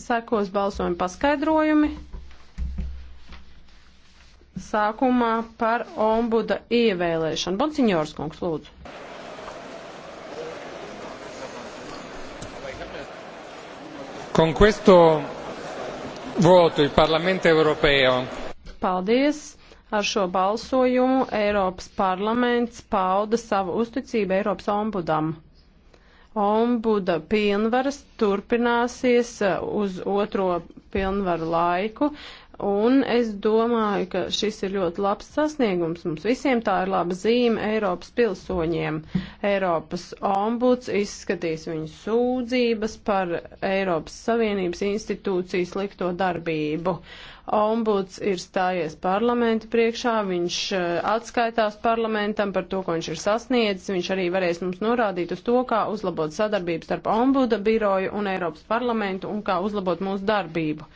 sekos balsojuma paskaidrojumi. Sākumā par ombuda ievēlēšanu. Bonsignors kungs, lūdzu. Con questo voto il Parlamento europeo. Paldies. Ar šo balsojumu Eiropas parlaments pauda savu uzticību Eiropas ombudam ombuda pilnvaras turpināsies uh, uz otro pilnvaru laiku. Un es domāju, ka šis ir ļoti labs sasniegums. Mums visiem tā ir laba zīme Eiropas pilsoņiem. Eiropas ombuds izskatīs viņu sūdzības par Eiropas Savienības institūcijas likto darbību. Ombuds ir stājies parlamentu priekšā, viņš eh, atskaitās parlamentam par to, ko viņš ir sasniedzis. Viņš arī varēs mums norādīt uz to, kā uzlabot sadarbību starp ombuda biroju un Eiropas parlamentu un kā uzlabot mūsu darbību.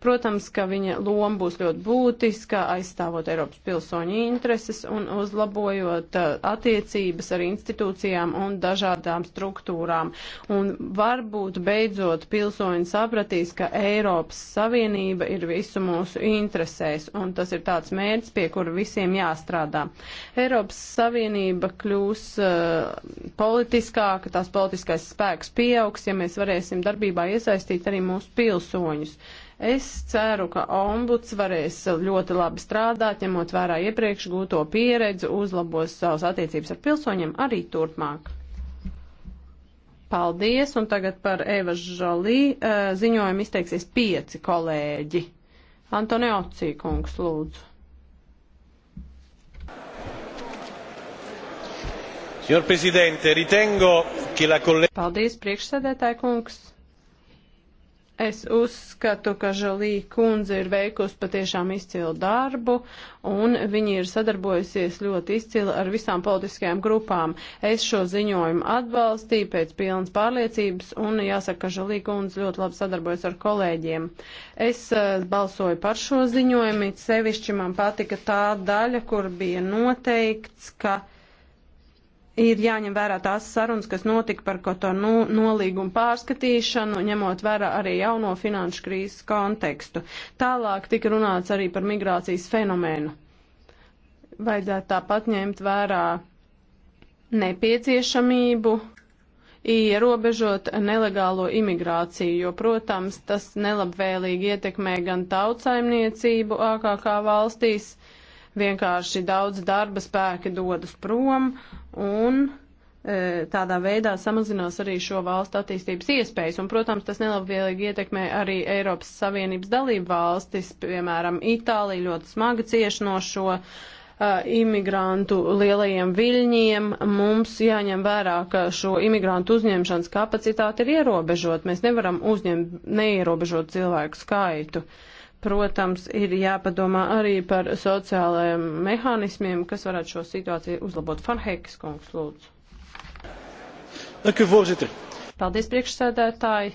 Protams, ka viņa loma būs ļoti būtiska, aizstāvot Eiropas pilsoņu intereses un uzlabojot eh, attiecības ar institūcijām un dažādām struktūrām. Un varbūt beidzot pilsoņi sapratīs, ka Eiropas Savienība ir visu mūsu mūsu interesēs, un tas ir tāds mērķis, pie kura visiem jāstrādā. Eiropas Savienība kļūs uh, politiskāka, tās politiskais spēks pieaugs, ja mēs varēsim darbībā iesaistīt arī mūsu pilsoņus. Es ceru, ka ombuds varēs ļoti labi strādāt, ņemot vērā iepriekš gūto pieredzi, uzlabos savus attiecības ar pilsoņiem arī turpmāk. Paldies, un tagad par Eva Žalī eh, ziņojumu izteiksies pieci kolēģi. Antonioci kungs, lūdzu. Signor Presidente, ritengo, ka la kolēģi. Paldies, priekšsēdētāji kungs. Es uzskatu, ka Žalī kundze ir veikusi patiešām izcilu darbu, un viņi ir sadarbojusies ļoti izcili ar visām politiskajām grupām. Es šo ziņojumu atbalstīju pēc pilnas pārliecības, un jāsaka, ka Žalī kundze ļoti labi sadarbojas ar kolēģiem. Es uh, balsoju par šo ziņojumu, sevišķi man patika tā daļa, kur bija noteikts, ka. Uh, ir jāņem vērā tās sarunas, kas notika par Kotonu nolīgumu pārskatīšanu, ņemot vērā arī jauno finanšu krīzes kontekstu. Tālāk tika runāts arī par migrācijas fenomenu. Vajadzētu tāpat ņemt vērā nepieciešamību ierobežot nelegālo imigrāciju, jo, protams, tas nelabvēlīgi ietekmē gan tautsaimniecību AKK valstīs, uh, vienkārši daudz darba spēki dodas prom un e, tādā veidā samazinās arī šo valstu attīstības iespējas. Un, protams, tas nelabvēlīgi ietekmē arī Eiropas Savienības dalību valstis, piemēram, Itālija ļoti smagi cieši no šo uh, imigrantu lielajiem viļņiem. Mums jāņem vērā, ka šo imigrantu uzņemšanas kapacitāte ir ierobežota. Mēs nevaram uzņemt neierobežot cilvēku skaitu. Protams, ir jāpadomā arī par sociālajiem mehānismiem, kas varētu šo situāciju uzlabot. Farheikas kungs, lūdzu. Paldies, priekšsēdētāji.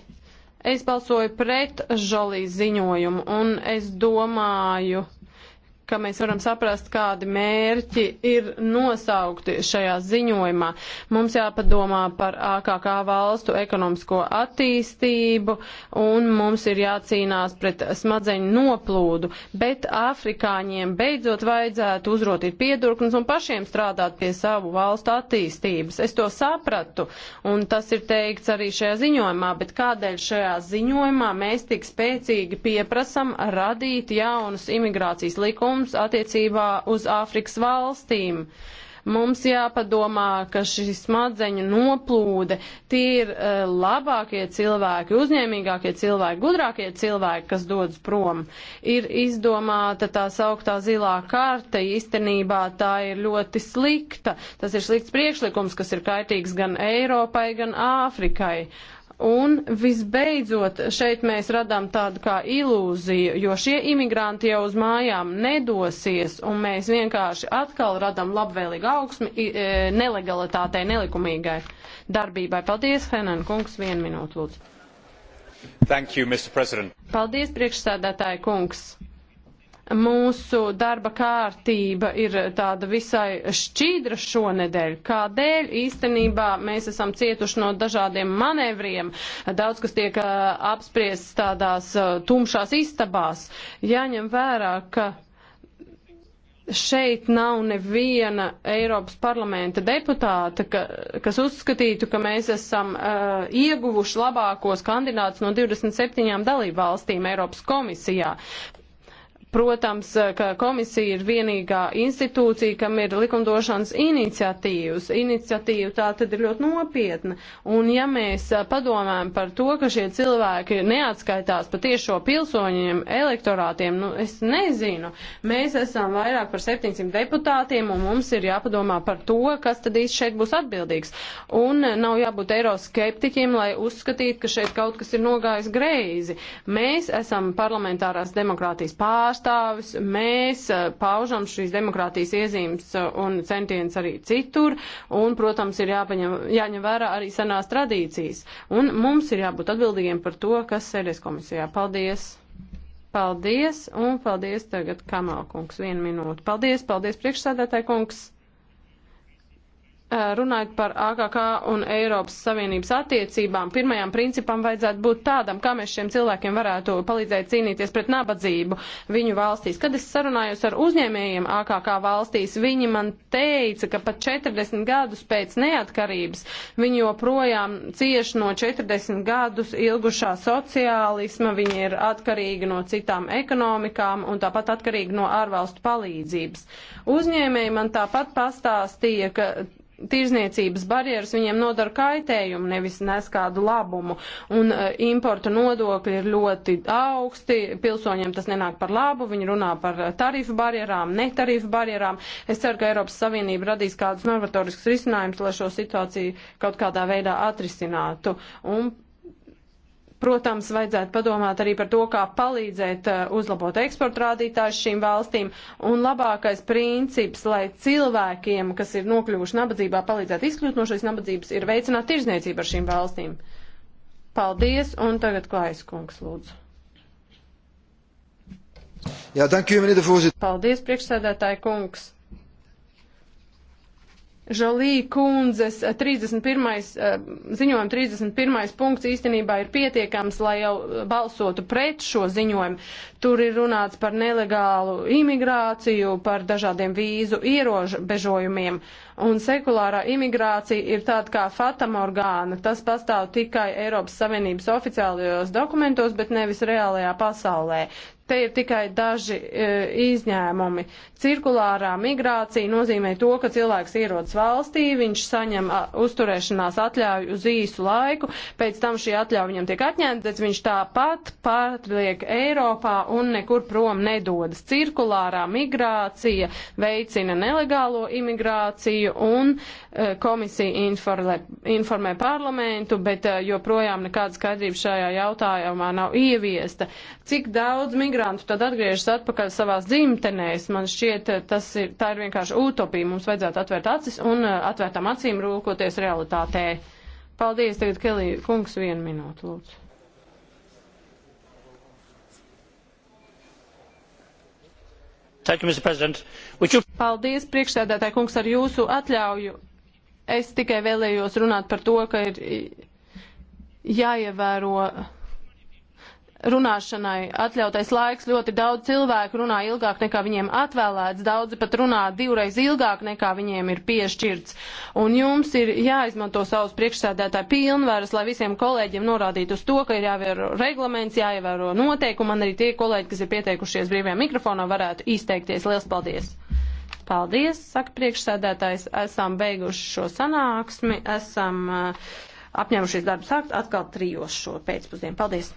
Es balsoju pret Žolī ziņojumu un es domāju, ka mēs varam saprast, kādi mērķi ir nosaukti šajā ziņojumā. Mums jāpadomā par AKK valstu ekonomisko attīstību un mums ir jācīnās pret smadzeņu noplūdu, bet afrikāņiem beidzot vajadzētu uzrotīt piedurknes un pašiem strādāt pie savu valstu attīstības. Es to sapratu un tas ir teikts arī šajā ziņojumā, bet kādēļ šajā ziņojumā mēs tik spēcīgi pieprasam radīt jaunus imigrācijas likumus? lēmums attiecībā uz Āfrikas valstīm. Mums jāpadomā, ka šī smadzeņu noplūde tie ir uh, labākie cilvēki, uzņēmīgākie cilvēki, gudrākie cilvēki, kas dodas prom. Ir izdomāta tā sauktā zilā karta, īstenībā tā ir ļoti slikta. Tas ir slikts priekšlikums, kas ir kaitīgs gan Eiropai, gan Āfrikai. Uh, Un visbeidzot, šeit mēs radām tādu kā ilūziju, jo šie imigranti jau uz mājām nedosies, un mēs vienkārši atkal radām labvēlīgu augsmi e, nelegalitātei, nelikumīgai darbībai. Paldies, Henan kungs, vienu minūtu lūdzu. Thank you, Mr. President. Paldies, priekšsēdētāji kungs mūsu darba kārtība ir tāda visai šķīdra šonedēļ, kādēļ īstenībā mēs esam cietuši no dažādiem manevriem, daudz kas tiek apspriests tādās tumšās istabās. Jāņem vērā, ka šeit nav neviena Eiropas parlamenta deputāta, ka, kas uzskatītu, ka mēs esam uh, ieguvuši labākos kandidātus no 27 dalību valstīm Eiropas komisijā. Protams, eh, ka komisija ir vienīgā institūcija, kam ir likumdošanas iniciatīvas. Iniciatīva tā tad ir ļoti nopietna. Un ja mēs eh, padomājam par to, ka šie cilvēki neatskaitās patiešo pilsoņiem, elektorātiem, nu es nezinu. Mēs esam vairāk par 700 deputātiem un mums ir jāpadomā par to, kas tad īsti šeit būs atbildīgs. Un eh, nav jābūt eiroskeptiķiem, lai uzskatītu, ka šeit kaut kas ir nogājis greizi. Mēs esam parlamentārās demokrātijas pārstāvji pārstāvis, mēs eh, paužam šīs demokrātijas iezīmes eh, un centiens arī citur, un, protams, ir jāpaņem, jāņem vērā arī senās tradīcijas. Un mums ir jābūt atbildīgiem par to, kas sēdies komisijā. Paldies! Paldies, un paldies tagad Kamalkungs, vienu minūtu. Paldies, paldies priekšsēdētāji kungs! runājot par AKK un Eiropas Savienības attiecībām, pirmajām principām vajadzētu būt tādam, kā mēs šiem cilvēkiem varētu palīdzēt cīnīties pret nabadzību viņu valstīs. Kad es sarunājos ar uzņēmējiem AKK valstīs, viņi man teica, ka pat 40 gadus pēc neatkarības viņi joprojām cieš no 40 gadus ilgušā sociālisma, viņi ir atkarīgi no citām ekonomikām un tāpat atkarīgi no ārvalstu palīdzības. Uzņēmēji man tāpat pastāstīja, ka tirzniecības barjeras viņiem nodara kaitējumu, nevis nes kādu labumu. Un uh, importa nodokļi ir ļoti augsti, pilsoņiem tas nenāk par labu, viņi runā par e, tarifu barjerām, netarifu barjerām. Es ceru, ka Eiropas Savienība radīs kādus novatoriskus risinājumus, lai šo situāciju kaut kādā veidā atrisinātu. Un Protams, vajadzētu padomāt arī par to, kā palīdzēt eh, uzlabot eksporta rādītājus šīm valstīm. Un labākais princips, lai cilvēkiem, kas ir nokļuvuši nabadzībā, palīdzētu izkļūt no šīs nabadzības, ir veicināt tirzniecību ar šīm valstīm. Paldies, un tagad klājas kungs, lūdzu. Jā, dank, Paldies, priekšsēdētāji kungs. Žalī kundzes 31. Eh, eh, ziņojuma 31. punkts īstenībā ir pietiekams, lai jau eh, balsotu pret šo ziņojumu. Tur ir runāts par nelegālu imigrāciju, par dažādiem vīzu ierobežojumiem. Un sekulārā imigrācija ir tāda kā fatamorgāna. Tas pastāv tikai Eiropas Savienības oficiālajos dokumentos, bet nevis reālajā pasaulē. Te ir tikai daži e, izņēmumi. Cirkulārā migrācija nozīmē to, ka cilvēks ierodas valstī, viņš saņem a, uzturēšanās atļauju uz īsu laiku, pēc tam šī atļauja viņam tiek atņemta, tad viņš tāpat pārliek Eiropā un nekur prom nedodas. Cirkulārā migrācija veicina nelegālo imigrāciju un e, komisija informē, informē parlamentu, bet e, joprojām nekāda skaidrība šajā jautājumā nav ieviesta. Cik daudz migrācijas migrantu tad atgriežas atpakaļ savās dzimtenēs. Man šķiet, eh, tas ir, tā ir vienkārši utopija. Mums vajadzētu atvērt acis un eh, atvērtām acīm rūkoties realitātē. Paldies, tagad Kelī, kungs, vienu minūtu, lūdzu. You, you... Paldies, priekšsēdētāji kungs, ar jūsu atļauju. Es tikai vēlējos runāt par to, ka ir jāievēro runāšanai atļautais laiks. Ļoti daudz cilvēku runā ilgāk nekā viņiem atvēlēts, daudzi pat runā divreiz ilgāk nekā viņiem ir piešķirts. Un jums ir jāizmanto savus priekšsēdētāju pilnvaras, lai visiem kolēģiem norādītu uz to, ka ir jāievēro reglaments, jāievēro noteikumi, un arī tie kolēģi, kas ir pieteikušies brīvajā mikrofonā, varētu izteikties. Liels paldies! Paldies, saka priekšsēdētājs, esam beiguši šo sanāksmi, esam eh, apņēmušies darbu sākt atkal trijos šo pēcpusdienu. Paldies!